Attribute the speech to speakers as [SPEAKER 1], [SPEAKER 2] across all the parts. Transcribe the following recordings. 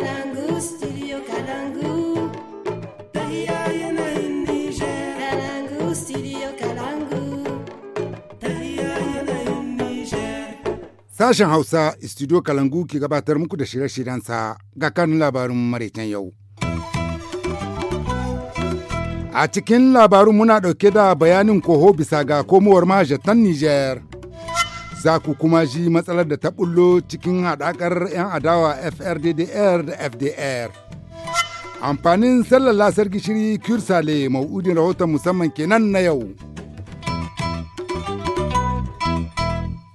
[SPEAKER 1] Kalangu,
[SPEAKER 2] Sashen Hausa, studio Kalangu ke gabatar muku da shirye-shiryensa ga kanun labarin maraicen yau. A cikin labarun muna ɗauke da bayanin koho bisa ga komowar mahajjatan Nijar. Za ku kuma ji matsalar da ta bullo cikin haɗakar 'yan adawa FRDDR da FDR. Amfanin sallar lasar gishiri Kursale mau'udin rahoton musamman kenan na yau.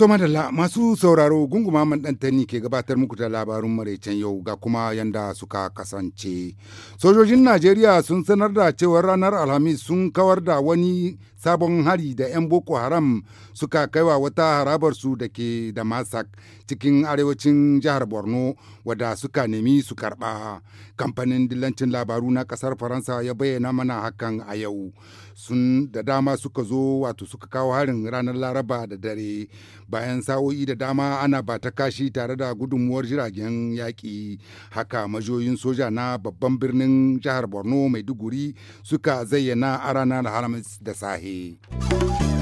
[SPEAKER 2] To madalla masu sauraro gunguma man ɗantani ke gabatar muku da labarun maraicen yau ga kuma yanda suka kasance. Sojojin Najeriya sun sanar da cewar ranar Alhamis sun kawar da wani sabon hari da 'yan boko haram suka kaiwa wata harabar su da ke da masak cikin arewacin jihar borno wadda suka nemi su karba kamfanin dillancin labaru na kasar faransa ya bayyana mana hakan a yau sun da dama suka zo wato suka kawo harin ranar laraba da dare bayan sa'o'i da dama ana ba ta kashi tare da gudunmuwar jiragen yaƙi haka majoyin soja na babban birnin jihar borno maiduguri suka zayyana a ranar haramis da sahe aí.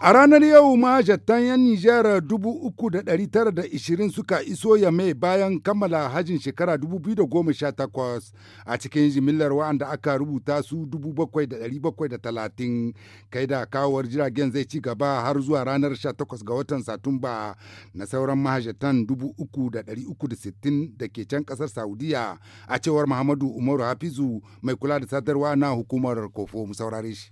[SPEAKER 2] A ranar yau ma jattan 'yan Nijar 3,920 suka iso Yame bayan kammala hajin shekara 2018 a cikin jimillar wa'anda aka rubuta su 7,730 kai da kawar jiragen zai ci gaba har zuwa ranar 18 ga watan Satumba na sauran mahajatan 3,360 da ke can kasar Saudiya a cewar Muhammadu Umaru Hafizu mai kula da sadarwa na hukumar Kofo mu saurare shi.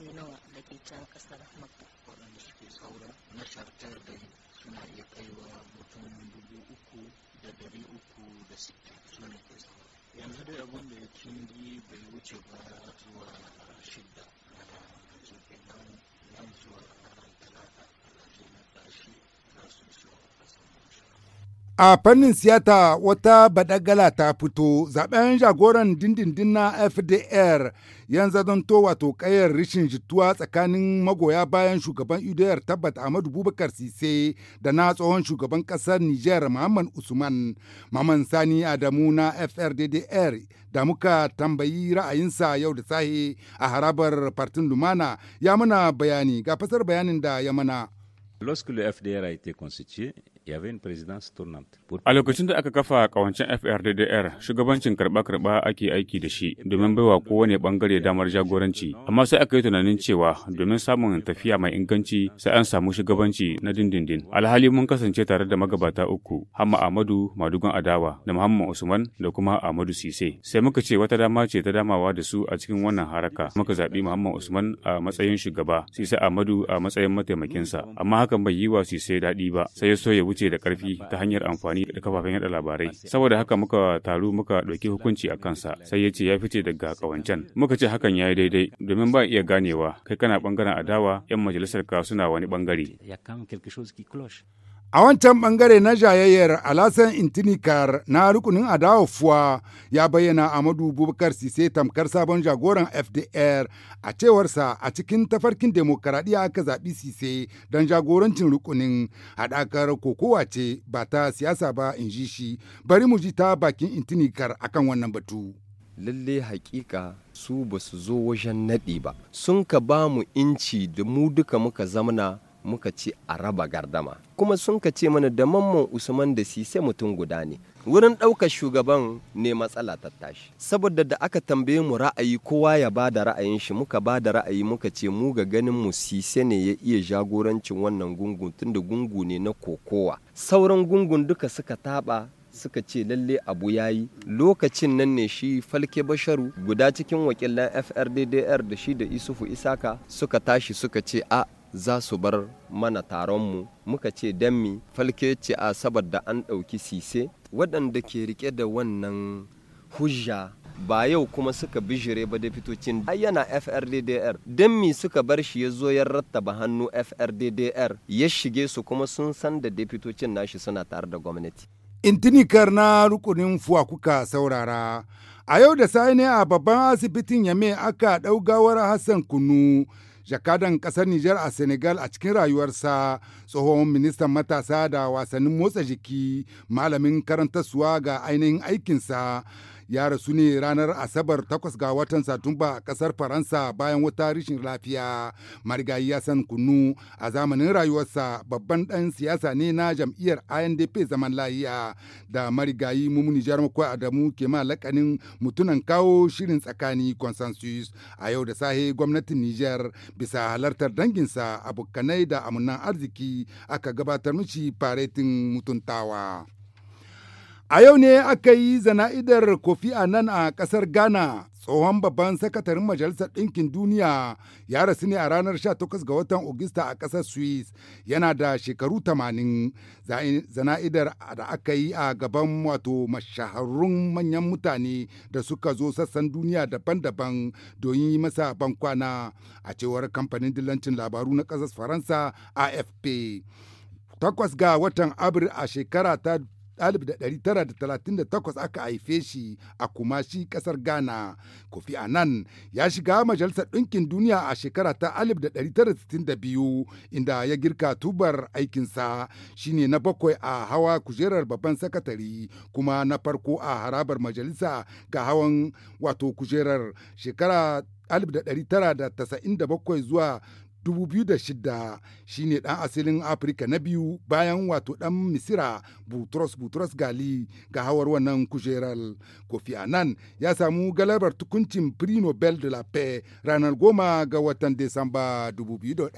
[SPEAKER 1] duwatsu nawa
[SPEAKER 3] da ke can kasar makka waɗanda suke saura na shartar da suna iya kaiwa mutum dubu uku da dari uku da sittin suna ke saura
[SPEAKER 4] yanzu dai abin
[SPEAKER 3] da ya kingi bai wuce ba zuwa
[SPEAKER 2] A fannin siyata wata badagala ta fito zaben jagoran dindindin na FDR yanzu zanto wato kayar rishin jituwa tsakanin magoya bayan shugaban UDR tabbat Ahmadu Bubakar Sise da na tsohon shugaban kasar Nijar Muhammad Usman Maman Sani Adamu na FRDDR da muka tambayi ra'ayinsa yau da sahe a harabar Partin Lumana ya muna bayani ga fasar bayanin da ya mana.
[SPEAKER 4] Lorsque le FDR a été constitué, A lokacin da aka kafa kawancin FRDDR, shugabancin karɓa-karɓa ake aiki da shi domin baiwa kowane bangare damar jagoranci. Amma sai aka yi tunanin cewa domin samun tafiya mai inganci sai an samu shugabanci na dindindin. Alhali mun kasance tare da magabata uku, Hamma Ahmadu Madugan Adawa da Muhammad Usman da kuma Ahmadu Sise. Sai muka ce wata dama ce ta damawa da su a cikin wannan haraka. Muka zaɓi Muhammad Usman a matsayin shugaba, Sise Ahmadu a matsayin mataimakinsa. Amma hakan bai yi wa Sise daɗi ba, sai ya so ya wuce ce da ƙarfi ta hanyar amfani da kafafen yada labarai. Saboda haka muka taru muka ɗauki hukunci a kansa sai ya ce ya fice daga ƙawancen. Muka ce hakan ya yi daidai domin ba iya ganewa kai kana ɓangaren adawa 'yan majalisar ka suna wani ɓangare.
[SPEAKER 2] A wancan bangare na jayayyar Alasan Intinikar na rukunin adawa fuwa ya bayyana Amadu Bubakar Sise tamkar sabon jagoran FDR a cewarsa a cikin tafarkin demokaradiyya aka zaɓi Sise don jagorancin rukunin haɗakar kokowa ce ba ta siyasa ba in ji shi bari mu ji ta bakin Intinikar akan wannan batu. Lalle hakika su ba
[SPEAKER 3] su zo wajen naɗi ba sun ka ba mu inci da mu duka muka zamna muka ce a raba gardama kuma sun ka ce mana da mamman usman da sise mutum guda ne wurin ɗaukar shugaban ne matsala ta tashi saboda da aka tambaye mu ra'ayi kowa ya ba da ra'ayin shi muka ba da ra'ayi muka ce mu ga ganin mu sise ne ya iya jagorancin wannan gungun tunda gungu ne na kokowa sauran gungun duka suka taɓa suka ce lalle abu ya yi lokacin nan ne shi falke basharu guda cikin wakilan frddr da shi da isufu isaka suka tashi suka ce a za su bar mana taronmu muka ce don falke ce a saboda an ɗauki sise waɗanda ke rike da wannan hujja ba yau kuma suka bijire ba da fitocin yana FRDDR don mi suka bar shi ya zo ya rattaba hannu FRDDR ya shige su kuma sun san da fitocin nashi suna tare da gwamnati.
[SPEAKER 2] Intinikar na rukunin fuwa kuka saurara. A yau da sai ne a babban asibitin Yame aka ɗaugawar Hassan Kunu jakadan ƙasar Nijar a Senegal a cikin rayuwarsa tsohon ministan matasa da wasannin motsa jiki malamin karantarsuwa ga ainihin aikinsa ya rasu ne ranar Asabar takwas ga watan Satumba a kasar Faransa bayan wata rashin lafiya. Marigayi ya san kunu a zamanin rayuwarsa babban dan siyasa ne na jam'iyyar INDP zaman lahiya da marigayi mumuni jihar makwai Adamu ke ma lakanin mutunan kawo shirin tsakani consensus a yau da sahe gwamnatin niger bisa halartar danginsa abokanai da amunan arziki aka gabatar mishi faretin mutuntawa. A yau ne aka yi zana'idar Kofi a nan a ƙasar Ghana, tsohon babban sakatarin Majalisar Ɗinkin Duniya ya rasu ne a ranar 18 ga watan Ogista a ƙasar Swiss yana da shekaru 80 zana'idar da aka yi a gaban wato mashaharrun manyan mutane da suka zo sassan duniya daban-daban don yi masa bankwana a cewar kamfanin dillancin labaru na ƙasar Faransa AFP. Takwas ga watan Abril a shekara ta 1938 aka haife shi a Kumashi kasar Ghana. Kofi Annan ya shiga Majalisar Ɗinkin Duniya a shekara ta 1962 inda ya girka tubar aikinsa shine na bakwai a hawa kujerar babban sakatari kuma na farko a harabar majalisa ga hawan wato kujerar shekara 1997 zuwa 2006 shine ɗan asalin afirka na biyu bayan wato ɗan misira butros butros gali ga hawar wannan kujerar kofi anan ya samu galabar tukuncin prix nobel de la paix ranar goma ga watan desamba 2001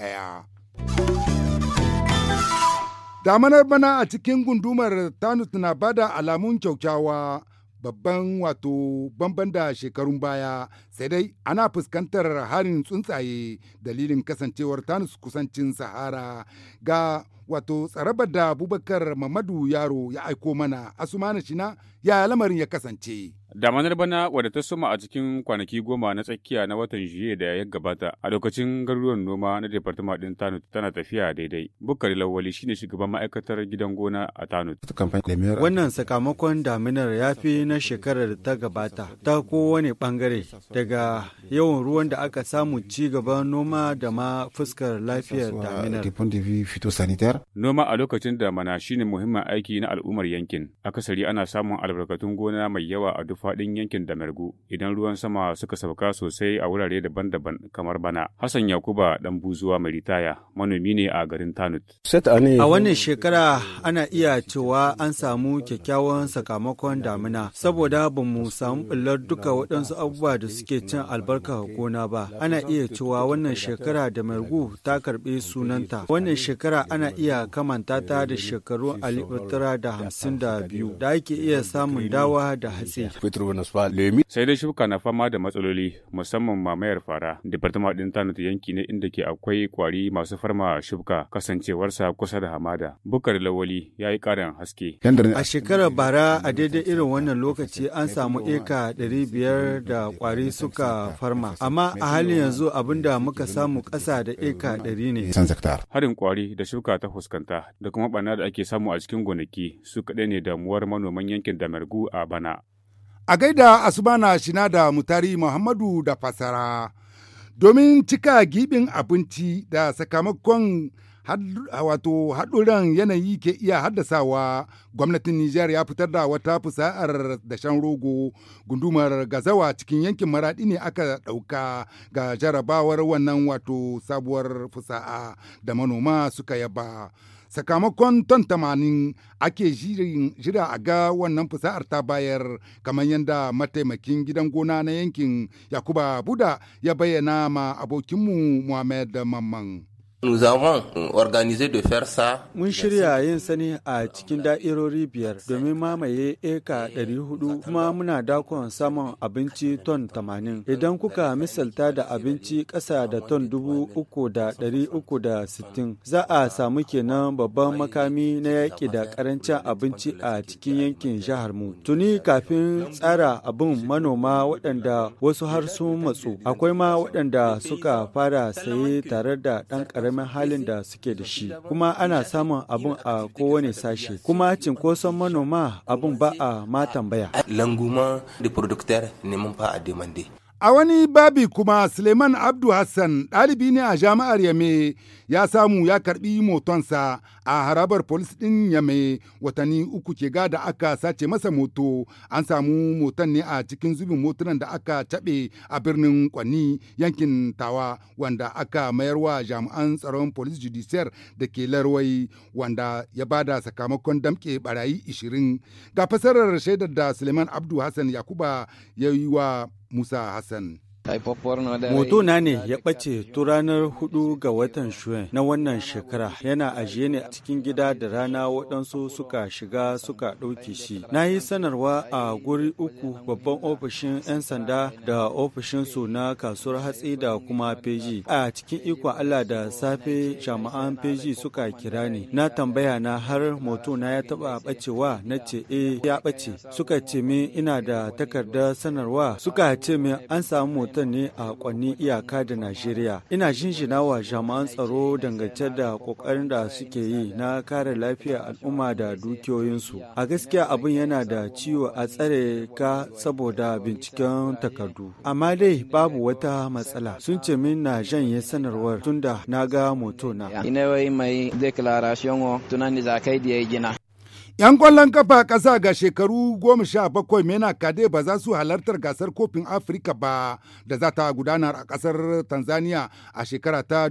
[SPEAKER 2] damanar bana a cikin gundumar tanut na bada alamun kyaukyawa babban wato bamban da shekarun baya sai dai ana fuskantar harin tsuntsaye dalilin kasancewar tanus kusancin sahara ga wato tsarabar da abubakar mamadu yaro ya aiko mana asumana shina yaya lamarin ya kasance.
[SPEAKER 4] Damanar bana wadda ta suma a cikin kwanaki goma na tsakiya na watan juye da ya gabata a lokacin garuruwan noma na departama ɗin Tanut tana tafiya daidai. Bukari Lawali shine shugaban ma'aikatar gidan gona a Tanut.
[SPEAKER 1] Wannan sakamakon daminar ya fi na shekarar ta gabata ta kowane bangare daga yawan ruwan da aka samu ci gaban noma da ma fuskar lafiyar daminar.
[SPEAKER 4] Noma a lokacin damana shine muhimmin aiki na al'ummar yankin. Akasari ana samun al albarkatun gona mai yawa a duk faɗin yankin Damergu idan ruwan sama suka sauka sosai a wurare daban-daban kamar bana. Hassan Yakuba dan buzuwa mai ritaya manomi ne a garin Tanut. A wannan
[SPEAKER 1] shekara ana iya cewa an samu kyakkyawan sakamakon damina saboda ba mu samu bullar duka waɗansu abubuwa da suke cin albarkar gona ba. Ana iya cewa wannan shekara da Mergu ta karɓi sunanta. Wannan shekara ana iya kamanta ta da shekaru alif da hamsin da biyu da ake iya sa samun dawa da hatsi.
[SPEAKER 4] Sai dai shuka na fama da matsaloli musamman mamayar fara. Departement ɗin Tanut yanki ne inda ke akwai kwari masu farma shuka kasancewarsa kusa da hamada. Bukar Lawali ya yi ƙarin haske. A
[SPEAKER 1] shekarar bara a daidai irin wannan lokaci an samu eka ɗari biyar da kwari suka farma. Amma a halin yanzu abin da muka samu ƙasa da eka ɗari ne.
[SPEAKER 4] Harin kwari da shuka ta fuskanta da kuma ɓana da ake samu a cikin gonaki su kaɗai ne damuwar manoman yankin da Margu a bana.
[SPEAKER 2] A gaida Asubana Shina da Mutari Muhammadu da fasara. Domin cika giɓin abinci da sakamakon wato haɗuran yanayi ke iya haddasawa gwamnatin Nijar ya fitar da wata fusa'ar dashen rogo gundumar gazawa cikin yankin maraɗi ne aka ɗauka ga jarabawar wannan wato sabuwar fusa'a da manoma suka yaba. sakamakon tantamanin ake jira a ga wannan fasahar ta bayar kamar yadda mataimakin gidan gona na yankin yakuba buda ya bayyana ma abokinmu muhammad mamman.
[SPEAKER 1] Mun shirya yin sani a cikin da'irori biyar domin mamaye eka 400 kuma muna dakon samun abinci ton 80. Idan kuka misalta da abinci ƙasa da ton 3,360 za a samu kenan babban makami na yaƙi da ƙarancin abinci a cikin yankin jihar mu. Tuni kafin tsara abin manoma waɗanda wasu har sun matsu akwai ma waɗanda suka fara saye tare da ɗan ƙaramin karamin halin da suke da shi kuma ana samun abun a kowane sashe kuma cinkoson manoma abun ba a ma tambaya. L'engouement
[SPEAKER 3] des producteurs ne fa a demande.
[SPEAKER 1] A wani babi
[SPEAKER 2] kuma Suleiman Abdu Hassan ɗalibi ne a jami'ar Yame ya samu ya karɓi motonsa a harabar polis ɗin Yame watanni uku ke gada aka sace masa moto an samu moton ne a cikin zubin motunan da aka caɓe a birnin kwanni yankin Tawa wanda aka mayarwa jami'an tsaron polis judiciyar da ke larwai wanda ya bada sakamakon damƙe barayi 20 ga fasarar shaidar da Suleiman Abdu Hassan Yakuba ya yi wa موسى حسن Moto
[SPEAKER 1] na ne ya ɓace tu ranar hudu ga watan Shuen na wannan shekara yana ajiye ne a cikin gida da rana waɗansu suka shiga suka ɗauke shi. Na yi sanarwa a guri uku babban ofishin 'yan sanda da ofishin su na kasuwar hatsi da kuma feji. A cikin ikon Allah da safe jama'an feji suka kira ni. Na tambaya na har moto na ya taɓa ɓacewa na ce eh ya ɓace. Suka ce min ina da takardar sanarwa suka ce min an samu makarantar ne a kwanni iyaka da Najeriya. Ina jinjina wa jama'an tsaro dangance da kokarin da suke yi na kare lafiyar al'umma da dukiyoyinsu. A gaskiya abin yana da ciwo a tsare ka saboda binciken takardu. Amma dai babu wata matsala. Sun ce min na janye sanarwar tunda na ga motona. Ina mai declaration tunani zakai da ya gina.
[SPEAKER 2] 'Yan ƙwallon kafa ƙasa ga shekaru goma sha bakwai mena kade ba za su halartar gasar kofin Afirka ba da za ta gudanar a ƙasar Tanzania a shekara ta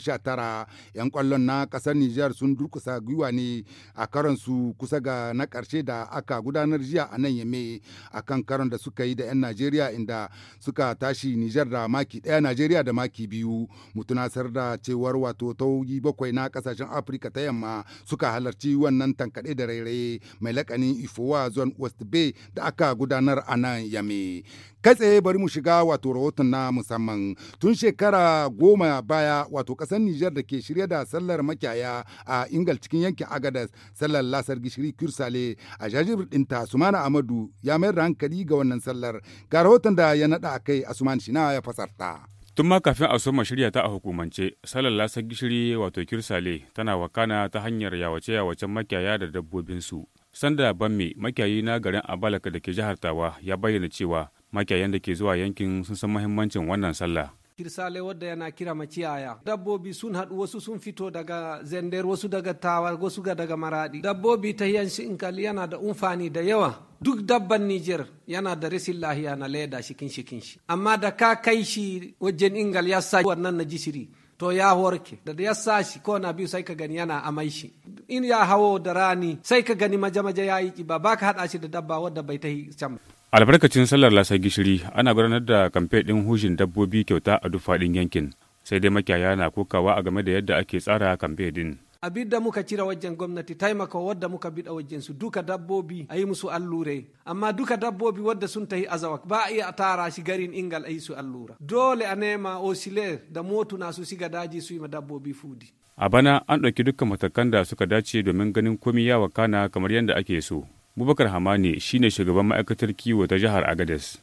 [SPEAKER 2] sha tara 'Yan ƙwallon na ƙasar Nijar sun durkusa gwiwa ne a su kusa ga na ƙarshe da aka gudanar jiya a nan yame a kan karon da suka yi da 'yan Najeriya inda suka tashi Nijar da maki ɗaya Najeriya da maki biyu. Mutunasar da cewar wato taugi bakwai na ƙasashen Afirka ta yamma suka halarci wannan kaɗe da rairaye mai lakanin ifowa zuwan west bay da aka gudanar a nan yame kai tsaye bari mu shiga wato rahoton na musamman tun shekara goma baya wato ƙasar nijar da ke shirya da sallar makiyaya a ingal cikin yankin agadas sallar lasar gishiri kursale a jajibir ɗinta sumana amadu ya mayar da hankali ga wannan sallar ga rahoton da ya naɗa a kai asuman shina ya fasarta.
[SPEAKER 4] Tun ma kafin a soma shirya ta a hukumance, salar lasar gishiri wato kirsale tana wakana ta hanyar yawace-yawacen makiyaya da dabbobinsu. Sanda banme makiyayi na garin Abalaka da ke jihar Tawa ya bayyana cewa makiyayan da ke zuwa yankin sun san muhimmancin wannan sallah.
[SPEAKER 3] kirsale wadda yana kira maciyaya dabbobi sun haɗu wasu sun fito daga zender wasu daga tawa wasu daga maraɗi. dabbobi ta hiyan shinkali yana da umfani da yawa duk dabban Nijar yana da rasin lahiya na leda shikin shikin shi amma da ka kai shi wajen ingal ya sa wannan na jisiri to ya warke da ya sa shi ko na biyu sai ka gani yana amai shi in ya hawo da rani sai ka gani maje-maje ya yi kiba ba ka haɗa shi da dabba wadda bai ta can
[SPEAKER 4] albarkacin sallar lasa gishiri ana gudanar da kamfe ɗin hushin dabbobi kyauta a duk faɗin yankin sai dai makiyaya na kokawa a game da yadda ake tsara kamfe ɗin
[SPEAKER 3] abin da muka cira wajen gwamnati taimaka wadda muka biɗa wajen su duka dabbobi a yi musu allure amma duka dabbobi wadda sun tahi azawak ba a iya tara shi garin ingal a yi su allura dole a nema osile da na su shiga daji su yi ma dabbobi fudi
[SPEAKER 4] a bana an ɗauki dukkan matakan da suka dace domin ganin komi ya kana kamar yadda ake so Bubakar Hamani shi ne shugaban ma'aikatar kiwo ta jihar Agadez.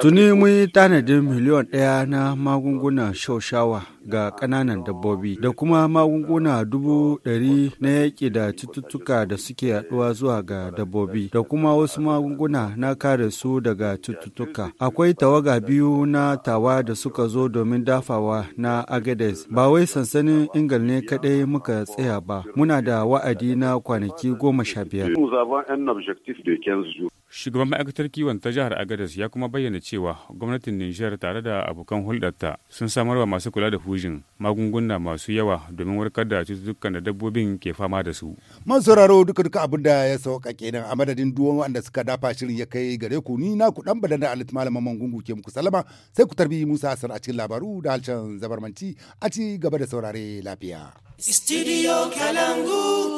[SPEAKER 4] Tuni mun
[SPEAKER 1] yi tanadin miliyon ɗaya na magunguna shaushawa ga ƙananan dabbobi da kuma magunguna dubu ɗari na yaƙi da cututtuka da suke yaɗuwa zuwa ga dabbobi da kuma wasu magunguna na kare su daga cututtuka. Akwai tawaga biyu na tawa da suka zo domin dafawa na Agades. Ba wai sansanin Ingal ne kaɗai muka tsaya ba. Muna da wa'adi na kwanaki goma sha biyar.
[SPEAKER 4] Shugaban ma'aikatar kiwon ta jihar Agadez ya kuma bayyana cewa gwamnatin Nijar tare da abokan hulɗarta sun samarwa masu kula da hujin magunguna masu yawa domin warkar da cututtukan da dabbobin ke fama da su.
[SPEAKER 2] Man sauraro duka duka abin da ya sauka kenan a madadin duwan wanda suka dafa shirin ya kai gare ku ni na ku dan badan da Alit Malaman Mangungu ke muku salama sai ku tarbi Musa asar a cikin labaru da halcan zabarmanci a ci gaba da saurare lafiya.
[SPEAKER 4] Studio Kalangu.